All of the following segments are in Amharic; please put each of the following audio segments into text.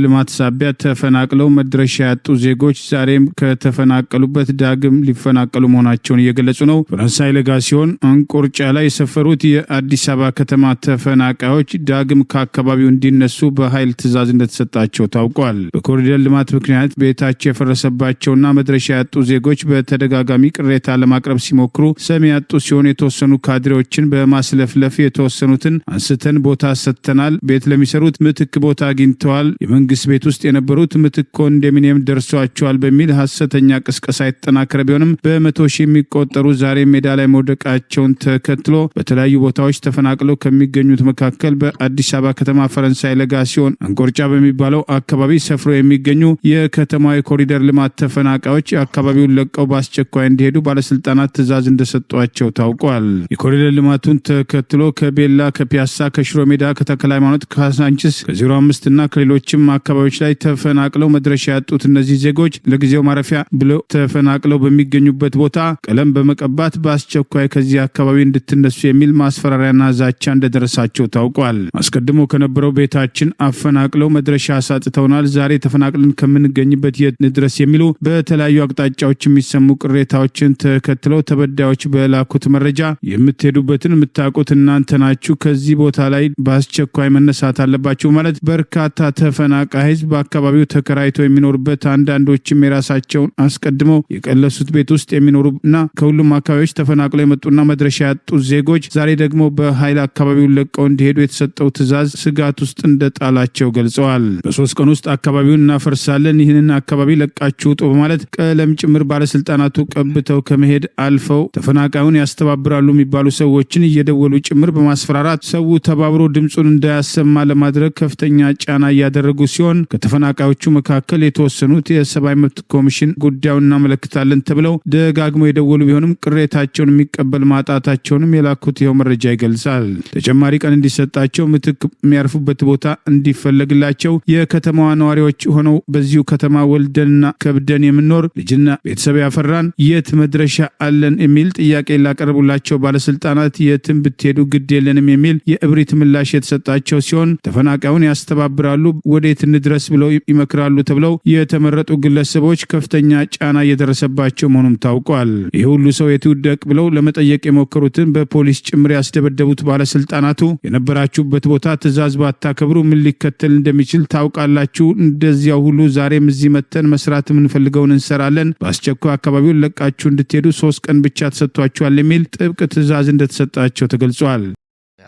ልማት ሳቢያ ተፈናቅለው መድረሻ ያጡ ዜጎች ዛሬም ከተፈናቀሉበት ዳግም ሊፈናቀሉ መሆናቸውን እየገለጹ ነው። ፈረንሳይ ለጋ ሲሆን እንቁርጫ ላይ የሰፈሩት የአዲስ አበባ ከተማ ተፈናቃዮች ዳግም ከአካባቢው እንዲነሱ በኃይል ትዕዛዝ እንደተሰጣቸው ታውቋል። በኮሪደር ልማት ምክንያት ቤታቸው የፈረሰባቸውና መድረሻ ያጡ ዜጎች በተደጋጋሚ ቅሬታ ለማቅረብ ሲሞክሩ ሰሚ ያጡ ሲሆን የተወሰኑ ካድሬዎችን በማስለፍለፍ የተወሰኑትን አንስተን ቦታ ሰጥተናል፣ ቤት ለሚሰሩት ምትክ ቦታ አግኝተዋል በመንግስት ቤት ውስጥ የነበሩት ምትክ ኮንዶሚኒየም ደርሷቸዋል በሚል ሀሰተኛ ቅስቀሳ የተጠናከረ ቢሆንም በመቶ ሺህ የሚቆጠሩ ዛሬ ሜዳ ላይ መውደቃቸውን ተከትሎ በተለያዩ ቦታዎች ተፈናቅለው ከሚገኙት መካከል በአዲስ አበባ ከተማ ፈረንሳይ ለጋ ሲሆን አንቆርጫ በሚባለው አካባቢ ሰፍሮ የሚገኙ የከተማ የኮሪደር ልማት ተፈናቃዮች አካባቢውን ለቀው በአስቸኳይ እንዲሄዱ ባለስልጣናት ትዕዛዝ እንደሰጧቸው ታውቋል። የኮሪደር ልማቱን ተከትሎ ከቤላ፣ ከፒያሳ፣ ከሽሮ ሜዳ፣ ከተክለ ሃይማኖት፣ ከሳንችስ፣ ከ05 እና ከሌሎችም ሌሎችም አካባቢዎች ላይ ተፈናቅለው መድረሻ ያጡት እነዚህ ዜጎች ለጊዜው ማረፊያ ብለው ተፈናቅለው በሚገኙበት ቦታ ቀለም በመቀባት በአስቸኳይ ከዚህ አካባቢ እንድትነሱ የሚል ማስፈራሪያና ዛቻ እንደደረሳቸው ታውቋል። አስቀድሞ ከነበረው ቤታችን አፈናቅለው መድረሻ አሳጥተውናል፣ ዛሬ ተፈናቅለን ከምንገኝበት የት የሚሉ በተለያዩ አቅጣጫዎች የሚሰሙ ቅሬታዎችን ተከትለው ተበዳዮች በላኩት መረጃ የምትሄዱበትን የምታውቁት እናንተ ናችሁ፣ ከዚህ ቦታ ላይ በአስቸኳይ መነሳት አለባችሁ ማለት በርካታ ተፈ የተፈናቃይ ህዝብ በአካባቢው ተከራይቶ የሚኖሩበት፣ አንዳንዶችም የራሳቸውን አስቀድመው የቀለሱት ቤት ውስጥ የሚኖሩ እና ከሁሉም አካባቢዎች ተፈናቅለው የመጡና መድረሻ ያጡ ዜጎች ዛሬ ደግሞ በኃይል አካባቢውን ለቀው እንዲሄዱ የተሰጠው ትዕዛዝ ስጋት ውስጥ እንደጣላቸው ገልጸዋል። በሶስት ቀን ውስጥ አካባቢውን እናፈርሳለን፣ ይህንን አካባቢ ለቃችሁ ውጡ በማለት ቀለም ጭምር ባለስልጣናቱ ቀብተው ከመሄድ አልፈው ተፈናቃዩን ያስተባብራሉ የሚባሉ ሰዎችን እየደወሉ ጭምር በማስፈራራት ሰው ተባብሮ ድምፁን እንዳያሰማ ለማድረግ ከፍተኛ ጫና እያደረጉ ያደረጉ ሲሆን ከተፈናቃዮቹ መካከል የተወሰኑት የሰብአዊ መብት ኮሚሽን ጉዳዩን እናመለክታለን ተብለው ደጋግመው የደወሉ ቢሆንም ቅሬታቸውን የሚቀበል ማጣታቸውንም የላኩት ይኸው መረጃ ይገልጻል። ተጨማሪ ቀን እንዲሰጣቸው፣ ምትክ የሚያርፉበት ቦታ እንዲፈለግላቸው የከተማዋ ነዋሪዎች ሆነው በዚሁ ከተማ ወልደንና ከብደን የምኖር ልጅና ቤተሰብ ያፈራን የት መድረሻ አለን የሚል ጥያቄ ላቀረቡላቸው ባለስልጣናት የትም ብትሄዱ ግድ የለንም የሚል የእብሪት ምላሽ የተሰጣቸው ሲሆን ተፈናቃዩን ያስተባብራሉ ወደ ቤት እንድረስ ብለው ይመክራሉ ተብለው የተመረጡ ግለሰቦች ከፍተኛ ጫና እየደረሰባቸው መሆኑም ታውቋል። ይህ ሁሉ ሰው የትውደቅ ብለው ለመጠየቅ የሞከሩትን በፖሊስ ጭምር ያስደበደቡት ባለስልጣናቱ የነበራችሁበት ቦታ ትዕዛዝ ባታከብሩ ምን ሊከተል እንደሚችል ታውቃላችሁ። እንደዚያው ሁሉ ዛሬም እዚህ መተን መስራት የምንፈልገውን እንሰራለን። በአስቸኳይ አካባቢውን ለቃችሁ እንድትሄዱ ሶስት ቀን ብቻ ተሰጥቷችኋል የሚል ጥብቅ ትዕዛዝ እንደተሰጣቸው ተገልጿል።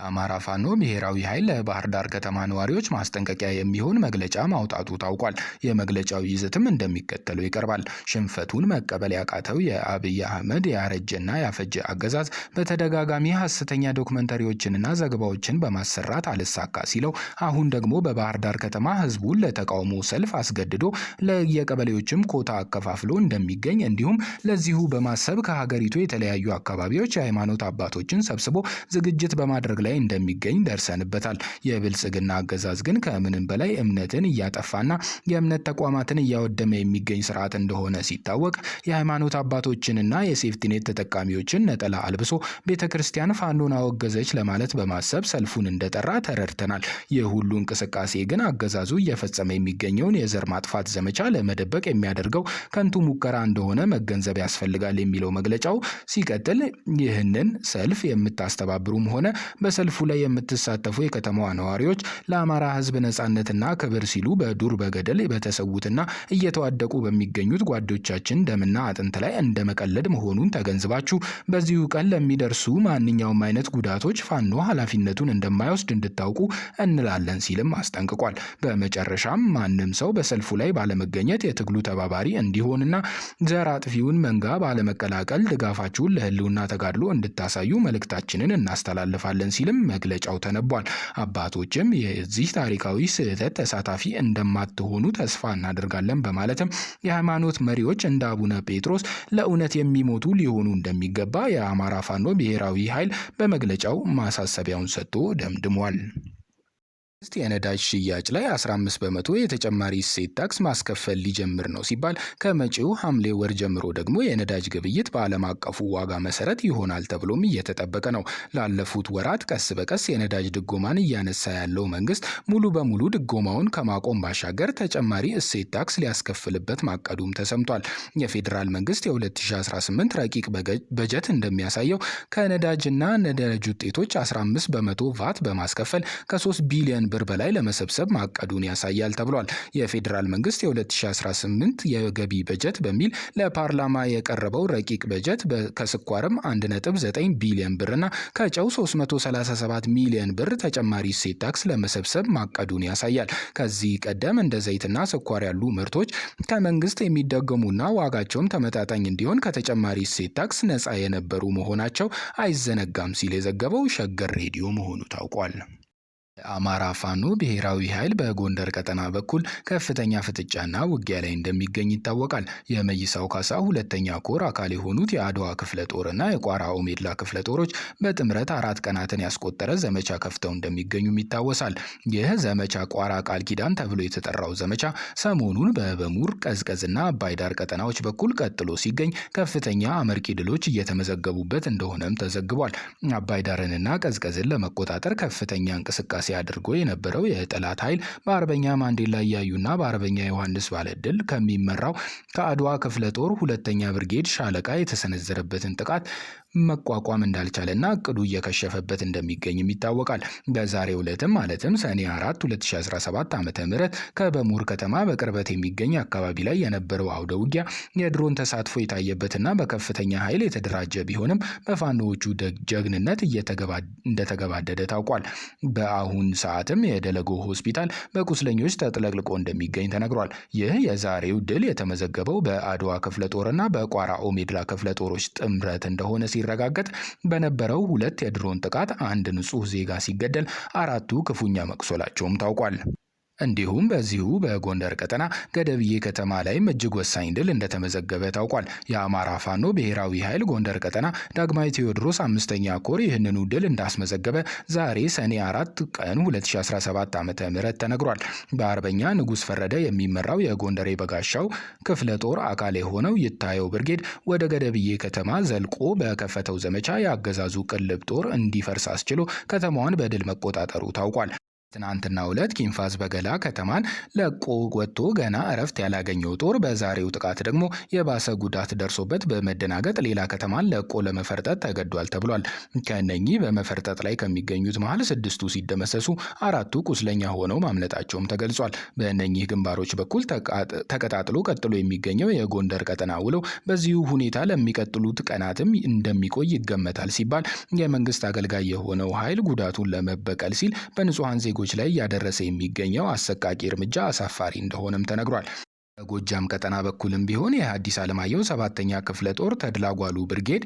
የአማራ ፋኖ ብሔራዊ ኃይል ለባህር ዳር ከተማ ነዋሪዎች ማስጠንቀቂያ የሚሆን መግለጫ ማውጣቱ ታውቋል። የመግለጫው ይዘትም እንደሚከተለው ይቀርባል። ሽንፈቱን መቀበል ያቃተው የአብይ አህመድ ያረጀና ያፈጀ አገዛዝ በተደጋጋሚ ሐሰተኛ ዶክመንተሪዎችንና ዘገባዎችን በማሰራት አልሳካ ሲለው፣ አሁን ደግሞ በባህር ዳር ከተማ ህዝቡን ለተቃውሞ ሰልፍ አስገድዶ ለየቀበሌዎችም ኮታ አከፋፍሎ እንደሚገኝ እንዲሁም ለዚሁ በማሰብ ከሀገሪቱ የተለያዩ አካባቢዎች የሃይማኖት አባቶችን ሰብስቦ ዝግጅት በማድረግ ላይ ላይ እንደሚገኝ ደርሰንበታል። የብልጽግና አገዛዝ ግን ከምንም በላይ እምነትን እያጠፋና የእምነት ተቋማትን እያወደመ የሚገኝ ስርዓት እንደሆነ ሲታወቅ የሃይማኖት አባቶችንና የሴፍቲኔት ተጠቃሚዎችን ነጠላ አልብሶ ቤተ ክርስቲያን ፋኖን አወገዘች ለማለት በማሰብ ሰልፉን እንደጠራ ተረድተናል። ይህ ሁሉ እንቅስቃሴ ግን አገዛዙ እየፈጸመ የሚገኘውን የዘር ማጥፋት ዘመቻ ለመደበቅ የሚያደርገው ከንቱ ሙከራ እንደሆነ መገንዘብ ያስፈልጋል የሚለው መግለጫው ሲቀጥል ይህንን ሰልፍ የምታስተባብሩም ሆነ በ በሰልፉ ላይ የምትሳተፉ የከተማዋ ነዋሪዎች ለአማራ ህዝብ ነጻነትና ክብር ሲሉ በዱር በገደል በተሰዉትና እየተዋደቁ በሚገኙት ጓዶቻችን ደምና አጥንት ላይ እንደ መቀለድ መሆኑን ተገንዝባችሁ በዚሁ ቀን ለሚደርሱ ማንኛውም አይነት ጉዳቶች ፋኖ ኃላፊነቱን እንደማይወስድ እንድታውቁ እንላለን ሲልም አስጠንቅቋል። በመጨረሻም ማንም ሰው በሰልፉ ላይ ባለመገኘት የትግሉ ተባባሪ እንዲሆንና ዘር አጥፊውን መንጋ ባለመቀላቀል ድጋፋችሁን ለህልውና ተጋድሎ እንድታሳዩ መልእክታችንን እናስተላልፋለን ሲል ሲልም መግለጫው ተነቧል። አባቶችም የዚህ ታሪካዊ ስህተት ተሳታፊ እንደማትሆኑ ተስፋ እናደርጋለን በማለትም የሃይማኖት መሪዎች እንደ አቡነ ጴጥሮስ ለእውነት የሚሞቱ ሊሆኑ እንደሚገባ የአማራ ፋኖ ብሔራዊ ኃይል በመግለጫው ማሳሰቢያውን ሰጥቶ ደምድሟል። መንግስት የነዳጅ ሽያጭ ላይ 15 በመቶ የተጨማሪ እሴት ታክስ ማስከፈል ሊጀምር ነው ሲባል ከመጪው ሐምሌ ወር ጀምሮ ደግሞ የነዳጅ ግብይት በዓለም አቀፉ ዋጋ መሰረት ይሆናል ተብሎም እየተጠበቀ ነው። ላለፉት ወራት ቀስ በቀስ የነዳጅ ድጎማን እያነሳ ያለው መንግስት ሙሉ በሙሉ ድጎማውን ከማቆም ባሻገር ተጨማሪ እሴት ታክስ ሊያስከፍልበት ማቀዱም ተሰምቷል። የፌዴራል መንግስት የ2018 ረቂቅ በጀት እንደሚያሳየው ከነዳጅና ነዳጅ ውጤቶች 15 በመቶ ቫት በማስከፈል ከ3 ቢሊዮን ብር በላይ ለመሰብሰብ ማቀዱን ያሳያል ተብሏል። የፌዴራል መንግስት የ2018 የገቢ በጀት በሚል ለፓርላማ የቀረበው ረቂቅ በጀት ከስኳርም 1.9 ቢሊዮን ብርና ከጨው 337 ሚሊዮን ብር ተጨማሪ እሴት ታክስ ለመሰብሰብ ማቀዱን ያሳያል። ከዚህ ቀደም እንደ ዘይትና ስኳር ያሉ ምርቶች ከመንግስት የሚደገሙና ዋጋቸውም ተመጣጣኝ እንዲሆን ከተጨማሪ እሴት ታክስ ነፃ የነበሩ መሆናቸው አይዘነጋም ሲል የዘገበው ሸገር ሬዲዮ መሆኑ ታውቋል። አማራ ፋኖ ብሔራዊ ኃይል በጎንደር ቀጠና በኩል ከፍተኛ ፍጥጫና ውጊያ ላይ እንደሚገኝ ይታወቃል። የመይሳው ካሳ ሁለተኛ ኮር አካል የሆኑት የአድዋ ክፍለ ጦርና የቋራ ኦሜድላ ክፍለ ጦሮች በጥምረት አራት ቀናትን ያስቆጠረ ዘመቻ ከፍተው እንደሚገኙም ይታወሳል። ይህ ዘመቻ ቋራ ቃል ኪዳን ተብሎ የተጠራው ዘመቻ ሰሞኑን በበሙር ቀዝቀዝና አባይዳር ቀጠናዎች በኩል ቀጥሎ ሲገኝ ከፍተኛ አመርቂ ድሎች እየተመዘገቡበት እንደሆነም ተዘግቧል። አባይዳርንና ቀዝቀዝን ለመቆጣጠር ከፍተኛ እንቅስቃሴ አድርጎ የነበረው የጠላት ኃይል በአርበኛ ማንዴላ እያዩና በአርበኛ ዮሐንስ ባለድል ከሚመራው ከአድዋ ክፍለ ጦር ሁለተኛ ብርጌድ ሻለቃ የተሰነዘረበትን ጥቃት መቋቋም እንዳልቻለና እቅዱ እየከሸፈበት እንደሚገኝም ይታወቃል። በዛሬ ዕለትም ማለትም ሰኔ 4 2017 ዓ.ም ከበሙር ከተማ በቅርበት የሚገኝ አካባቢ ላይ የነበረው አውደ ውጊያ የድሮን ተሳትፎ የታየበትና በከፍተኛ ኃይል የተደራጀ ቢሆንም በፋኖዎቹ ጀግንነት እንደተገባደደ ታውቋል። በአሁን ሰዓትም የደለጎ ሆስፒታል በቁስለኞች ተጥለቅልቆ እንደሚገኝ ተነግሯል። ይህ የዛሬው ድል የተመዘገበው በአድዋ ክፍለ ጦርና በቋራ ኦሜድላ ክፍለ ጦሮች ጥምረት እንደሆነ ሲ ሲረጋገጥ በነበረው ሁለት የድሮን ጥቃት አንድ ንጹህ ዜጋ ሲገደል አራቱ ክፉኛ መቁሰላቸውም ታውቋል። እንዲሁም በዚሁ በጎንደር ቀጠና ገደብዬ ከተማ ላይም እጅግ ወሳኝ ድል እንደተመዘገበ ታውቋል። የአማራ ፋኖ ብሔራዊ ኃይል ጎንደር ቀጠና ዳግማዊ ቴዎድሮስ አምስተኛ ኮር ይህንኑ ድል እንዳስመዘገበ ዛሬ ሰኔ አራት ቀን 2017 ዓ ም ተነግሯል። በአርበኛ ንጉሥ ፈረደ የሚመራው የጎንደር የበጋሻው ክፍለ ጦር አካል የሆነው ይታየው ብርጌድ ወደ ገደብዬ ከተማ ዘልቆ በከፈተው ዘመቻ የአገዛዙ ቅልብ ጦር እንዲፈርስ አስችሎ ከተማዋን በድል መቆጣጠሩ ታውቋል። ትናንትና ሁለት ኪንፋዝ በገላ ከተማን ለቆ ወጥቶ ገና እረፍት ያላገኘው ጦር በዛሬው ጥቃት ደግሞ የባሰ ጉዳት ደርሶበት በመደናገጥ ሌላ ከተማን ለቆ ለመፈርጠጥ ተገዷል ተብሏል። ከነኚህ በመፈርጠጥ ላይ ከሚገኙት መሀል ስድስቱ ሲደመሰሱ አራቱ ቁስለኛ ሆነው ማምለጣቸውም ተገልጿል። በእነኚህ ግንባሮች በኩል ተቀጣጥሎ ቀጥሎ የሚገኘው የጎንደር ቀጠና ውለው በዚሁ ሁኔታ ለሚቀጥሉት ቀናትም እንደሚቆይ ይገመታል ሲባል የመንግስት አገልጋይ የሆነው ኃይል ጉዳቱን ለመበቀል ሲል በንጹሐን ዜጎ ዜጎች ላይ እያደረሰ የሚገኘው አሰቃቂ እርምጃ አሳፋሪ እንደሆነም ተነግሯል። በጎጃም ቀጠና በኩልም ቢሆን የሐዲስ ዓለማየሁ ሰባተኛ ክፍለ ጦር ተድላጓሉ ብርጌድ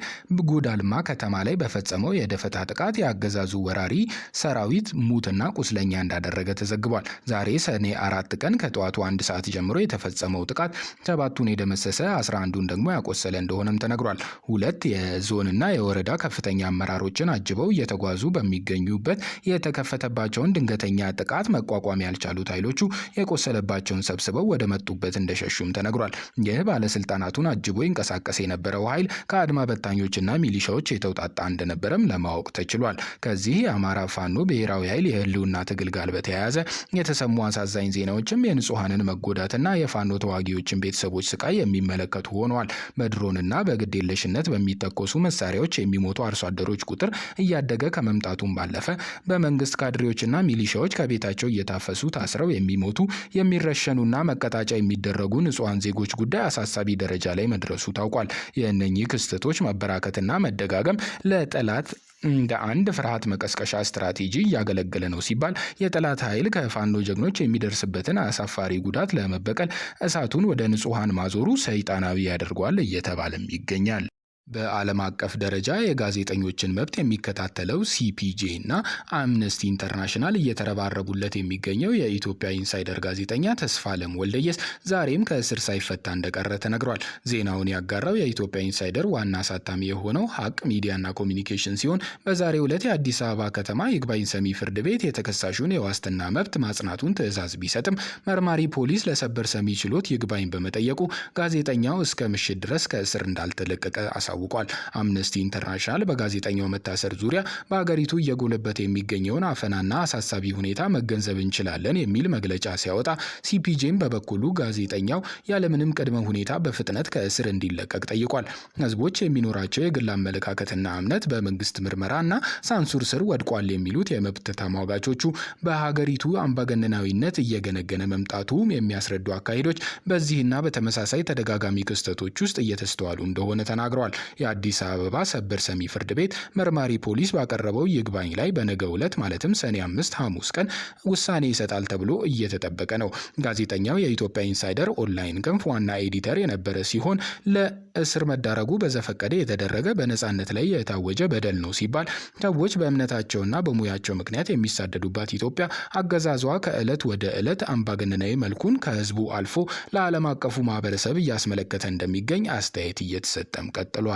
ጉዳልማ ከተማ ላይ በፈጸመው የደፈጣ ጥቃት የአገዛዙ ወራሪ ሰራዊት ሙትና ቁስለኛ እንዳደረገ ተዘግቧል። ዛሬ ሰኔ አራት ቀን ከጠዋቱ አንድ ሰዓት ጀምሮ የተፈጸመው ጥቃት ሰባቱን የደመሰሰ አስራ አንዱን ደግሞ ያቆሰለ እንደሆነም ተነግሯል። ሁለት የዞንና የወረዳ ከፍተኛ አመራሮችን አጅበው እየተጓዙ በሚገኙበት የተከፈተባቸውን ድንገተኛ ጥቃት መቋቋም ያልቻሉት ኃይሎቹ የቆሰለባቸውን ሰብስበው ወደ መጡበት እንደሸሹም ተነግሯል። ይህ ባለስልጣናቱን አጅቦ ይንቀሳቀስ የነበረው ኃይል ከአድማ በታኞችና ሚሊሻዎች የተውጣጣ እንደነበረም ለማወቅ ተችሏል። ከዚህ የአማራ ፋኖ ብሔራዊ ኃይል የህልውና ትግል ጋር በተያያዘ የተሰሙ አሳዛኝ ዜናዎችም የንጹሐንን መጎዳትና የፋኖ ተዋጊዎችን ቤተሰቦች ስቃይ የሚመለከቱ ሆነዋል። በድሮንና በግዴለሽነት በሚተኮሱ መሳሪያዎች የሚሞቱ አርሶ አደሮች ቁጥር እያደገ ከመምጣቱም ባለፈ በመንግስት ካድሬዎችና ሚሊሻዎች ከቤታቸው እየታፈሱ ታስረው የሚሞቱ የሚረሸኑና መቀጣጫ የሚደ የሚደረጉ ንጹሐን ዜጎች ጉዳይ አሳሳቢ ደረጃ ላይ መድረሱ ታውቋል። የእነኚህ ክስተቶች መበራከትና መደጋገም ለጠላት እንደ አንድ ፍርሃት መቀስቀሻ ስትራቴጂ እያገለገለ ነው ሲባል የጠላት ኃይል ከፋኖ ጀግኖች የሚደርስበትን አሳፋሪ ጉዳት ለመበቀል እሳቱን ወደ ንጹሐን ማዞሩ ሰይጣናዊ ያደርገዋል እየተባለም ይገኛል። በዓለም አቀፍ ደረጃ የጋዜጠኞችን መብት የሚከታተለው ሲፒጄ እና አምነስቲ ኢንተርናሽናል እየተረባረቡለት የሚገኘው የኢትዮጵያ ኢንሳይደር ጋዜጠኛ ተስፋለም ወልደየስ ዛሬም ከእስር ሳይፈታ እንደቀረ ተነግሯል። ዜናውን ያጋራው የኢትዮጵያ ኢንሳይደር ዋና አሳታሚ የሆነው ሀቅ ሚዲያና ኮሚኒኬሽን ሲሆን በዛሬው ዕለት የአዲስ አበባ ከተማ ይግባኝ ሰሚ ፍርድ ቤት የተከሳሹን የዋስትና መብት ማጽናቱን ትዕዛዝ ቢሰጥም መርማሪ ፖሊስ ለሰበር ሰሚ ችሎት ይግባኝ በመጠየቁ ጋዜጠኛው እስከ ምሽት ድረስ ከእስር እንዳልተለቀቀ አሳ አስታውቋል። አምነስቲ ኢንተርናሽናል በጋዜጠኛው መታሰር ዙሪያ በሀገሪቱ እየጎለበት የሚገኘውን አፈናና አሳሳቢ ሁኔታ መገንዘብ እንችላለን የሚል መግለጫ ሲያወጣ፣ ሲፒጄም በበኩሉ ጋዜጠኛው ያለምንም ቅድመ ሁኔታ በፍጥነት ከእስር እንዲለቀቅ ጠይቋል። ህዝቦች የሚኖራቸው የግል አመለካከትና እምነት በመንግስት ምርመራ እና ሳንሱር ስር ወድቋል የሚሉት የመብት ተሟጋቾቹ በሀገሪቱ አምባገነናዊነት እየገነገነ መምጣቱ የሚያስረዱ አካሄዶች በዚህና በተመሳሳይ ተደጋጋሚ ክስተቶች ውስጥ እየተስተዋሉ እንደሆነ ተናግረዋል። የአዲስ አበባ ሰበር ሰሚ ፍርድ ቤት መርማሪ ፖሊስ ባቀረበው ይግባኝ ላይ በነገ ዕለት ማለትም ሰኔ አምስት ሐሙስ ቀን ውሳኔ ይሰጣል ተብሎ እየተጠበቀ ነው። ጋዜጠኛው የኢትዮጵያ ኢንሳይደር ኦንላይን ክንፍ ዋና ኤዲተር የነበረ ሲሆን ለእስር መዳረጉ በዘፈቀደ የተደረገ በነጻነት ላይ የታወጀ በደል ነው ሲባል ሰዎች በእምነታቸውና በሙያቸው ምክንያት የሚሳደዱባት ኢትዮጵያ አገዛዟ ከዕለት ወደ ዕለት አምባገነናዊ መልኩን ከህዝቡ አልፎ ለዓለም አቀፉ ማህበረሰብ እያስመለከተ እንደሚገኝ አስተያየት እየተሰጠም ቀጥሏል።